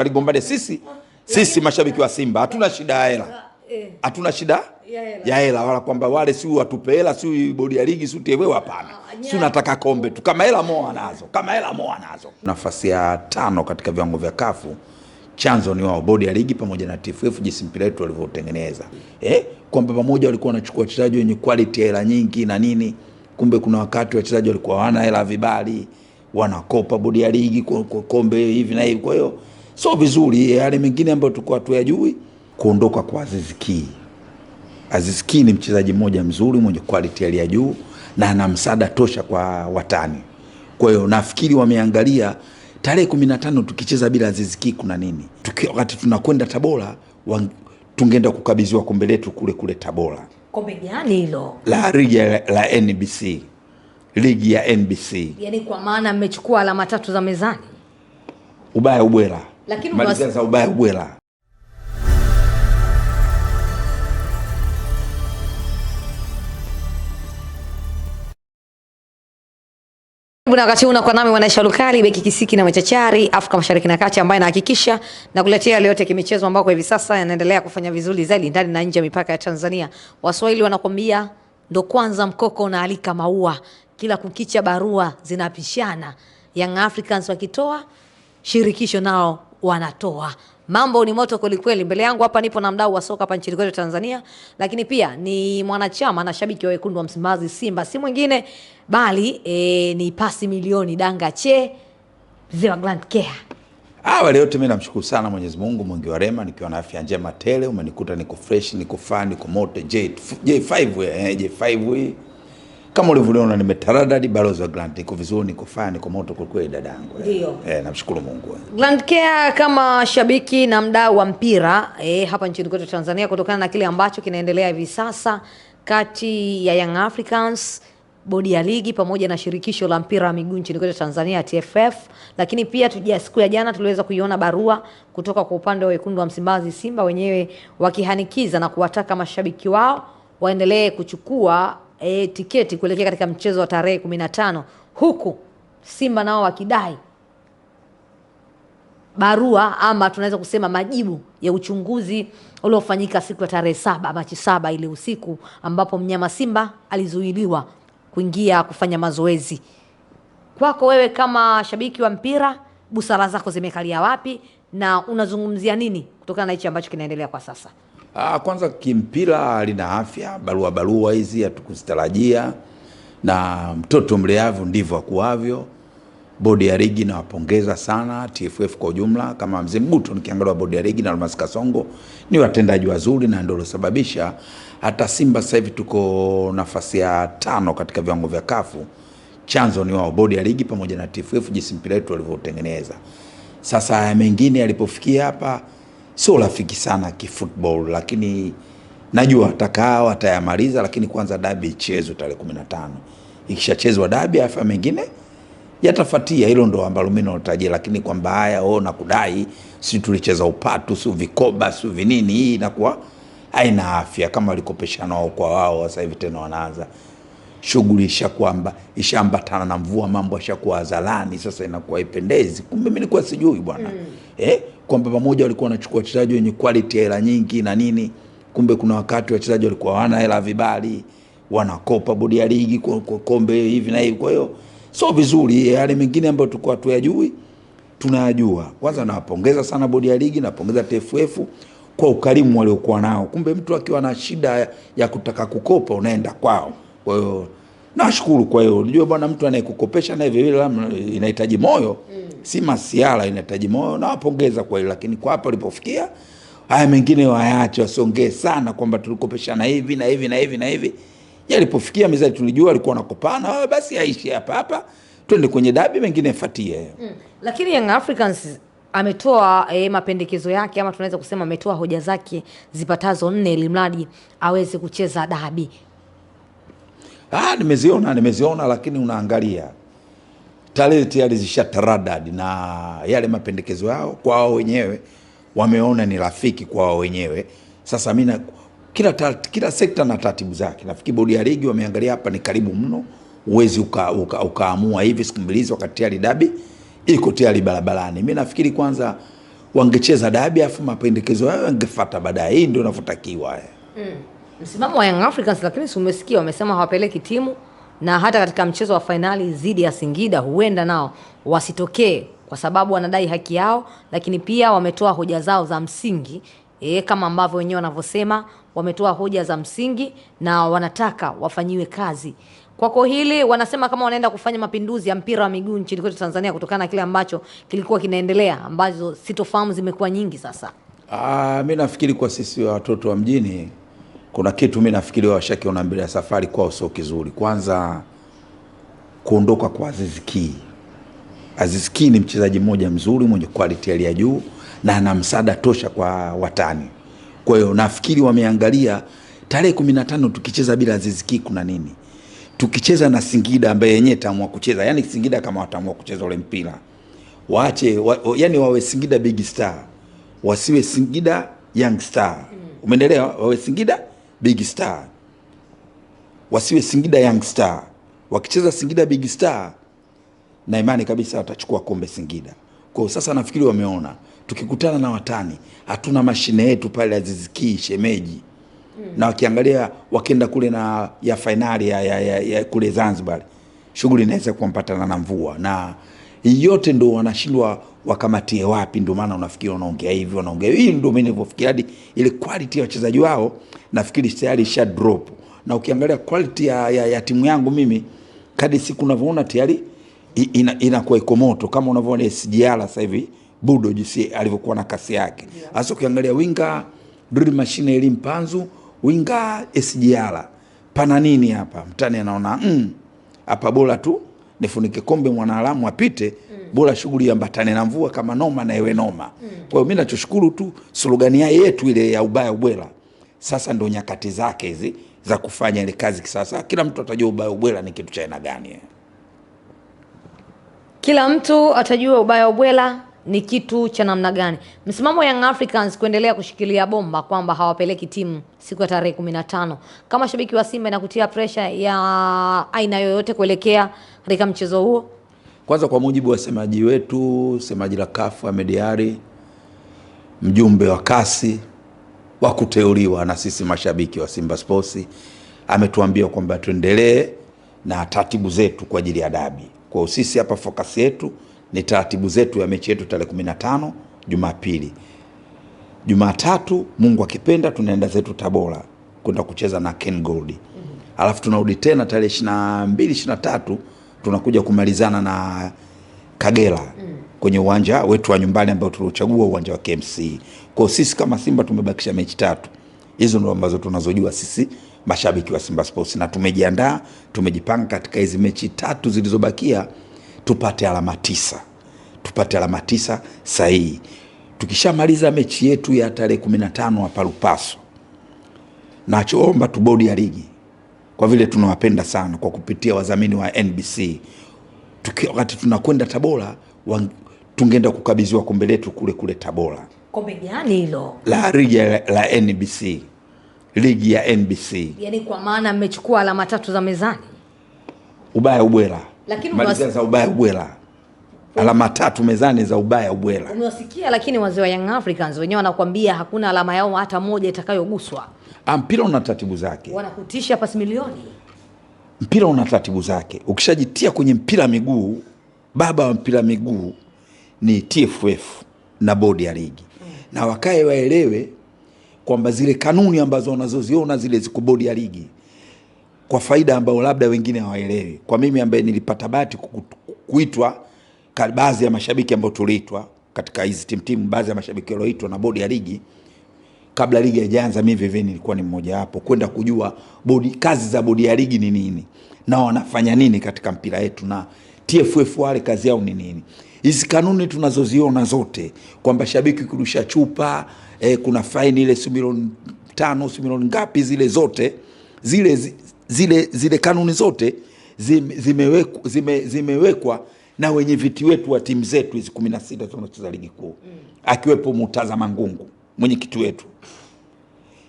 kaligombane sisi sisi mashabiki wa Simba hatuna shida ya hela, eh. hatuna shida ya hela, wala kwamba wale si watupe hela, si bodi ya ligi, si TFF. Hapana, ah, si nataka kombe tu. Kama hela moa nazo, kama hela moa nazo. Nafasi ya tano katika viwango vya kafu, chanzo ni wao, bodi ya ligi pamoja na TFF, jinsi mpira wetu walivyotengeneza eh, kwamba pamoja walikuwa wanachukua wachezaji wenye quality, hela nyingi na nini, kumbe kuna wakati wachezaji walikuwa hawana hela, vibali wanakopa bodi ya ligi kwa kombe hivi na hivi, kwa hiyo so vizuri. Eh, yale mengine ambayo tulikuwa tuyajui, kuondoka kwa Aziz Ki. Aziz Ki ni mchezaji mmoja mzuri mwenye quality ya juu na ana msaada tosha kwa watani. Kwa hiyo nafikiri wameangalia tarehe 15 tukicheza bila Aziz Ki kuna nini? Tuki, wakati tunakwenda Tabora tungeenda kukabidhiwa kombe letu kule kule Tabora. Kombe gani hilo? La ligi la, la NBC. Ligi ya NBC. Yaani kwa maana mmechukua alama tatu za mezani. Ubaya ubwela lakini malizana za ubaya ubwela. Na wakati huu unakuwa nami Mwanaisha Lukali, beki kisiki na machachari Afrika Mashariki na Kati, ambaye anahakikisha na kuletea yale yote kimichezo ambako hivi sasa yanaendelea kufanya vizuri zaidi ndani na nje ya mipaka ya Tanzania. Waswahili wanakwambia ndo kwanza mkoko unaalika maua, kila kukicha barua zinapishana. Young Africans wakitoa shirikisho nao wanatoa. Mambo ni moto kwelikweli. Mbele yangu hapa nipo na mdau wa soka hapa nchini kwetu Tanzania, lakini pia ni mwanachama na shabiki wa wekundu wa Msimbazi, Simba, si mwingine bali e, ni pasi milioni Danga Che Mzee wa Grand Care. Awali ah, yote mimi namshukuru sana Mwenyezi Mungu mwingi wa rehema, nikiwa na afya njema tele. Umenikuta niko fresh, niko fan, niko moto J5 eh, J5 hii kama ulivyoona nimetaradadi, balozi wa Grand, iko vizuri, niko fine, niko moto kwa kweli dadangu. Ndio. Eh, namshukuru Mungu. Grand Care kama shabiki na mdau wa mpira eh, hapa nchini kwetu Tanzania, kutokana na kile ambacho kinaendelea hivi sasa kati ya Young Africans bodi ya ligi pamoja na shirikisho la mpira wa miguu nchini kwetu Tanzania TFF, lakini pia tujia, siku ya jana tuliweza kuiona barua kutoka kwa upande wa wekundu wa Msimbazi Simba wenyewe wakihanikiza na kuwataka mashabiki wao waendelee kuchukua e, tiketi kuelekea katika mchezo wa tarehe 15 huku Simba nao wakidai barua ama tunaweza kusema majibu ya uchunguzi uliofanyika siku ya tarehe saba Machi saba ile usiku ambapo mnyama Simba alizuiliwa kuingia kufanya mazoezi. Kwako wewe kama shabiki wa mpira, busara zako zimekalia wapi na unazungumzia nini kutokana na hichi ambacho kinaendelea kwa sasa? Ah, kwanza kimpira lina afya, barua barua hizi hatukuzitarajia, na mtoto mleavu ndivyo akuavyo. Bodi ya ligi nawapongeza sana TFF kwa ujumla, kama mzee Mguto nikiangalia bodi ya ligi na Almas Kasongo ni watendaji wazuri, na ndio losababisha hata Simba sasa hivi tuko nafasi ya tano katika viwango vya kafu. Chanzo ni wao, bodi ya ligi pamoja na TFF, jinsi mpira wetu walivyotengeneza. Sasa mengine yalipofikia hapa sio rafiki sana kifootball, lakini najua atakaa atayamaliza, lakini kwanza dabi ichezwe tarehe 15. Ikishachezwa dabi, afa mengine yatafuatia. Hilo ndo ambalo mimi natarajia, lakini kwa mbaya oh, na kudai si tulicheza upatu, si vikoba, si vinini, hii inakuwa haina afya. Kama walikopeshana wao kwa wao, sasa hivi tena wanaanza shughuli ishakwamba ishaambatana na mvua, mambo ashakuwa hadharani, sasa inakuwa ipendezi. Kumbe mimi nilikuwa sijui bwana mm. eh kwamba pamoja walikuwa wanachukua wachezaji wenye quality ya hela nyingi na nini, kumbe kuna wakati wachezaji walikuwa hawana hela, vibali wanakopa bodi ya ligi kwa, kwa kombe hivi na hivi. Kwa hiyo sio vizuri. Yale mengine ambayo tulikuwa tuyajui tunayajua. Kwanza nawapongeza sana bodi ya ligi, napongeza TFF kwa ukarimu waliokuwa nao. Kumbe mtu akiwa na shida ya kutaka kukopa unaenda kwao, kwa hiyo Nashukuru kwa hiyo. Unajua bwana, mtu anayekukopesha naye vile vile inahitaji moyo mm. si masiala, inahitaji moyo. Nawapongeza kwa hiyo, lakini kwa hapa ulipofikia, haya mengine waache, wasongee sana kwamba tulikopeshana hivi na hivi na hivi na hivi. Yalipofikia mizali, tulijua alikuwa anakopana, basi aishi hapa hapa, twende kwenye dabi, mengine yafuatie mm. Lakini Young Africans ametoa e, mapendekezo yake ama tunaweza kusema ametoa hoja zake zipatazo nne ili mradi aweze kucheza dabi ah, nimeziona nimeziona, lakini unaangalia tarehe tayari zishataradad na yale mapendekezo yao kwa wao wenyewe wameona ni rafiki kwa wao wenyewe. Sasa mimi kila, tat, kila sekta na taratibu zake. Nafikiri bodi ya ligi wameangalia hapa ni karibu mno, uwezi ukaamua uka, uka hivi siku mbili hizi, wakati tayari dabi iko tayari barabarani. Mimi nafikiri kwanza wangecheza dabi, afu mapendekezo yao yangefuata baadaye. Hii ndio inavyotakiwa. mm. Msimamo wa Young Africans, lakini si umesikia wamesema hawapeleki timu, na hata katika mchezo wa fainali dhidi ya Singida huenda nao wasitokee kwa sababu wanadai haki yao, lakini pia wametoa hoja zao za msingi e, kama ambavyo wenyewe wanavyosema wametoa hoja za msingi na wanataka wafanyiwe kazi. Kwako hili wanasema kama wanaenda kufanya mapinduzi ya mpira wa miguu nchini kwetu Tanzania kutokana na kile ambacho kilikuwa kinaendelea, ambazo sitofahamu zimekuwa nyingi sasa. Ah, mimi nafikiri kwa sisi watoto wa mjini kuna kitu mimi nafikiri wao washakiona mbele ya safari, kwao sio kizuri. Kwanza kuondoka kwa Aziz Ki. Aziz Ki ni mchezaji mmoja mzuri mwenye quality hali ya juu na ana msaada tosha kwa watani. Kwa hiyo nafikiri wameangalia tarehe 15 tukicheza bila Aziz Ki kuna nini? Tukicheza na Singida ambaye yenyewe tamua kucheza. yani Singida kama watamua kucheza ule mpira. Waache wa, yani wawe Singida Big Star. Wasiwe Singida Young Star. Mm. Umeendelea? Wawe Singida Big Star, wasiwe Singida Young Star. Wakicheza Singida Big Star, na imani kabisa watachukua kombe Singida. Kwa sasa nafikiri wameona, tukikutana na watani hatuna mashine yetu pale azizikii shemeji mm. na wakiangalia wakienda kule na ya fainali ya, ya, ya, ya kule Zanzibar, shughuli inaweza kuwampatana na mvua na yote ndo wanashindwa wakamatie wapi? Ndio maana unafikiri wanaongea hivi, wanaongea hii. Ndio mimi nilivyofikiria hadi ile quality ya wachezaji wao nafikiri tayari isha drop, na ukiangalia quality ya, ya, ya timu yangu mimi kadi siku unavyoona tayari inakuwa ina iko moto, kama unavyoona SGR sasa hivi Budo jinsi alivyokuwa na kasi yake hasa yeah. Ukiangalia winga drill machine elimu mpanzu winga SGR pana nini hapa, mtani anaona mm, hapa mm, bora tu nifunike kombe mwanaharamu apite mm. bora shughuli ambatane na mvua kama noma na iwe noma mm. kwa hiyo mimi nachoshukuru tu slogan yetu ile ya ubaya ubwela sasa ndo nyakati zake hizi za kufanya ile kazi kisasa kila mtu atajua ubaya ubwela ni kitu cha aina gani kila mtu atajua ubaya ubwela ni kitu cha namna gani? Msimamo Young Africans kuendelea kushikilia bomba kwamba hawapeleki timu siku ya tarehe 15. Kama shabiki wa Simba inakutia presha ya aina yoyote kuelekea katika mchezo huo? Kwanza, kwa mujibu wa semaji wetu, semaji la kafu amediari mjumbe wa kasi wa kuteuliwa na sisi mashabiki wa Simba Sports, ametuambia kwamba tuendelee na taratibu zetu kwa ajili ya dabi. Kwa sisi hapa fokasi yetu ni taratibu zetu ya mechi yetu tarehe 15 Jumapili. Jumatatu Mungu akipenda tunaenda zetu Tabora kwenda kucheza na Ken Gold. Alafu tunarudi tena tarehe 22 23 tunakuja kumalizana na Kagera kwenye uwanja wetu wa nyumbani ambao tuliochagua uwanja wa KMC. Kwa sisi kama Simba tumebakisha mechi tatu. Hizo ndo ambazo tunazojua sisi mashabiki wa Simba Sports na tumejiandaa, tumejipanga katika hizi mechi tatu zilizobakia tupate alama tisa, tupate alama tisa sahihi. Tukishamaliza mechi yetu ya tarehe 15 hapa Lupaso, nachoomba tu bodi ya ligi, kwa vile tunawapenda sana, kwa kupitia wadhamini wa NBC, wakati tunakwenda Tabora tungeenda kukabidhiwa kombe letu kule kule Tabora. Kombe gani hilo? La ligi la, la NBC, ligi ya NBC. Yaani kwa maana mmechukua alama tatu za mezani, ubaya ubwela lakini maliza za ubaya ubwela um- alama tatu mezani za ubaya ubwela. Unasikia, lakini wazee wa Young Africans wenyewe wanakuambia hakuna alama yao hata moja itakayoguswa. Ah, mpira una taratibu zake, wanakutisha pasi milioni. Mpira una taratibu zake, ukishajitia kwenye mpira miguu, baba wa mpira miguu ni TFF na bodi ya ligi mm. na wakae waelewe kwamba zile kanuni ambazo wanazoziona zile ziko bodi ya ligi kwa faida ambayo labda wengine hawaelewi. Kwa mimi ambaye nilipata bahati kuitwa, baadhi ya mashabiki ambao tuliitwa katika hizi timu timu, baadhi ya mashabiki walioitwa na bodi ya ligi kabla ligi haijaanza, mimi vivyo nilikuwa ni mmoja wapo kwenda kujua bodi, kazi za bodi ya ligi ni nini na wanafanya nini katika mpira wetu, na TFF wale kazi yao ni nini. Hizi kanuni tunazoziona zote kwamba shabiki kurusha chupa eh, kuna faini ile si milioni tano milioni ngapi, zile zote zile zi, zile, zile kanuni zote zime, zimewekwa, zime, na wenye viti wetu wa timu zetu hizi kumi na sita tunacheza ligi kuu mm. akiwepo Murtaza Mangungu mwenyekiti wetu,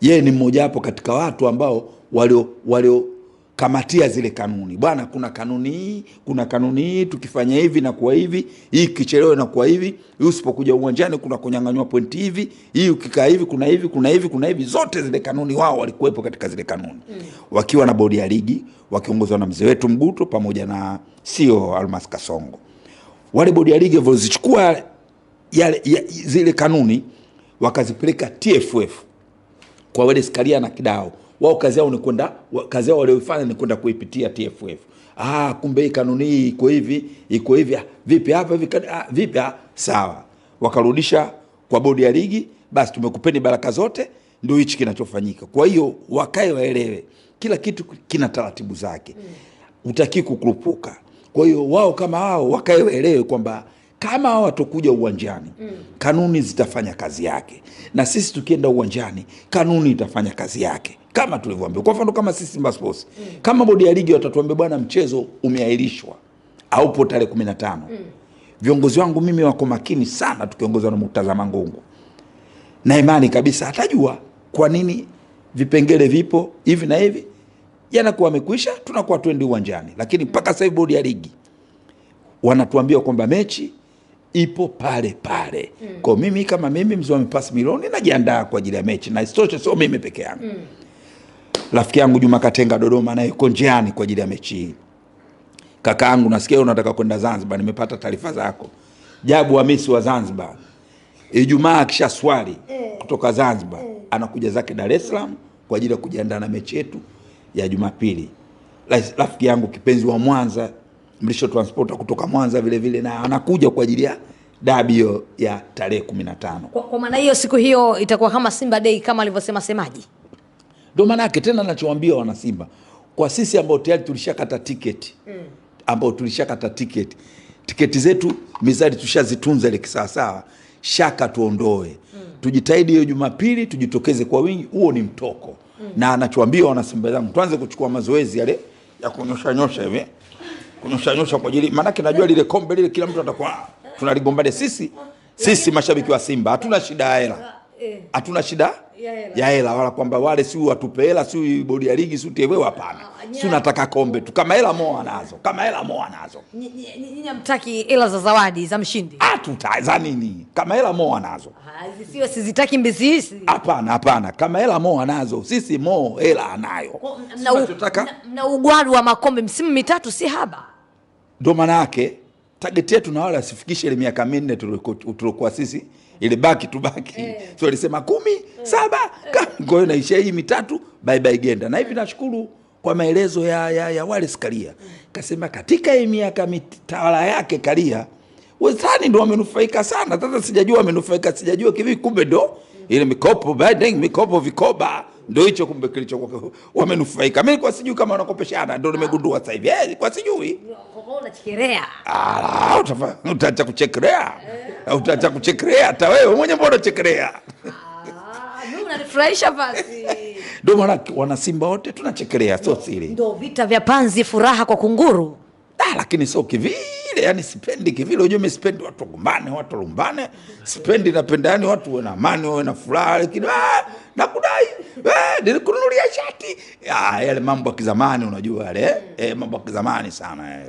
yeye ni mmoja wapo katika watu ambao walio walio kukamatia zile kanuni bwana, kuna kanuni hii, kuna kanuni hii, tukifanya hivi na kuwa hivi, hii kichelewe na kuwa hivi, hii usipokuja uwanjani kuna kunyang'anywa pointi hivi, hii ukikaa hivi kuna hivi kuna hivi kuna hivi. Zote zile kanuni, wao walikuwepo katika zile kanuni mm. wakiwa na bodi ya ligi wakiongozwa na mzee wetu mbuto pamoja na sio e Almas Kasongo. Wale bodi ya ligi walizichukua zile kanuni wakazipeleka TFF kwa wale Skaria na Kidao wao kazi yao ni kwenda, kazi yao waliofanya ni kwenda kuipitia TFF. Ah, kumbe hii kanuni hii iko hivi, iko hivi, ah, vipi hapa hivi, ah, vipi ah, sawa. Wakarudisha kwa bodi ya ligi, basi tumekupeni baraka zote, ndio hichi kinachofanyika. Kwa hiyo wakae waelewe, kila kitu kina taratibu zake, mm. utaki kukurupuka. Kwa hiyo wao kama wao wakae waelewe kwamba kama hao watokuja uwanjani mm, kanuni zitafanya kazi yake, na sisi tukienda uwanjani kanuni itafanya kazi yake kama tulivyoambia. Kwa mfano kama sisi Simba Sports, mm. kama bodi ya ligi watatuambia bwana, mchezo umeahirishwa, haupo tarehe 15 mm. viongozi wangu mimi wako makini sana, tukiongozwa na mtazama ngungu na imani kabisa atajua kwa nini vipengele vipo hivi na hivi, yanakuwa amekwisha, tunakuwa twende uwanjani. Lakini mpaka sasa hivi bodi ya ligi wanatuambia kwamba mechi ipo pale pale mm. Kwa mimi kama mimi mzee wa mipasi milioni najiandaa kwa ajili ya mechi, na isitoshe sio mimi peke yangu mm. Rafiki yangu Juma Katenga Dodoma, naye yuko njiani kwa ajili ya mechi hii. Kaka yangu nasikia unataka kwenda Zanzibar, nimepata taarifa zako. Jabu Hamisi wa Zanzibar Ijumaa akisha swali eh. kutoka Zanzibar eh. anakuja zake Dar es Salaam kwa ajili ya kujiandaa na mechi yetu ya Jumapili. Rafiki yangu kipenzi wa Mwanza Mrisho Transporter kutoka Mwanza vile vile na anakuja kwa ajili ya dabi ya tarehe 15. Kwa maana hiyo siku hiyo itakuwa kama Simba Day kama alivyosema semaji. Ndio maana yake tena nachowaambia Simba, kwa sisi ambao tayari tulishakata tiketi mm. ambao tulishakata tiketi tiketi zetu mizari tushazitunza ile kisawasawa, shaka tuondoe mm. tujitahidi hiyo Jumapili tujitokeze kwa wingi, huo ni mtoko mm. na wana Simba zangu, tuanze kuchukua mazoezi yale ya kunyosha nyosha hivi kunyosha nyosha kwa ajili, maanake najua lile kombe lile kila mtu atakuwa tunaligombania sisi sisi mashabiki wa Simba hatuna shida ya hela, eh. hatuna shida ya hela, wala kwamba wale si watupe hela, si bodi ya ligi, si tewe Hapana, ah, ah, si nataka kombe tu. Kama hela moa nazo, kama hela moa nazo. Nyinyi mtaki hela za zawadi za mshindi? Ah, za nini? Kama hela moa nazo, ah, sio sizitaki mbizi hizi. Hapana, hapana, kama hela moa nazo, sisi mo hela anayo. na ugwaru wa makombe msimu mitatu, si haba, ndo maana yake target yetu na wala asifikishe ile miaka minne tuliokuwa sisi ilibaki tubaki eh. so ilisema kumi eh. saba eh. kwa hiyo naishia hii mitatu bye bye genda na hivi eh. nashukuru kwa maelezo ya, ya, ya wale sikaria kasema katika hii miaka mitawala yake Karia wazani ndo wamenufaika sana sasa sijajua wamenufaika sijajua kivi kumbe ndo ili mm. ile mikopo badeng mikopo vikoba ndio hicho kumbe kilicho wamenufaika. Mimi kwa sijui kama wanakopeshana, ndio nimegundua sasa hivi eh, kwa sijui ah, utaacha kuchekelea, ah, utaacha kuchekelea hata wewe mwenye, mbona unachekelea? Ah, unanifurahisha basi. Ndio maana wanasimba wote tunachekelea, sio siri. Ndio vita vya panzi, furaha kwa kunguru. Ah, lakini sio kivii yani sipendi kivile, unajua mimi sipendi watu wagombane, watu walumbane, sipendi, napenda yani watu wana amani, wawe na furaha, lakini ah, nakudai eh, nilikununulia shati, ah, yale mambo ya kizamani, unajua yale eh, mambo ya kizamani sana.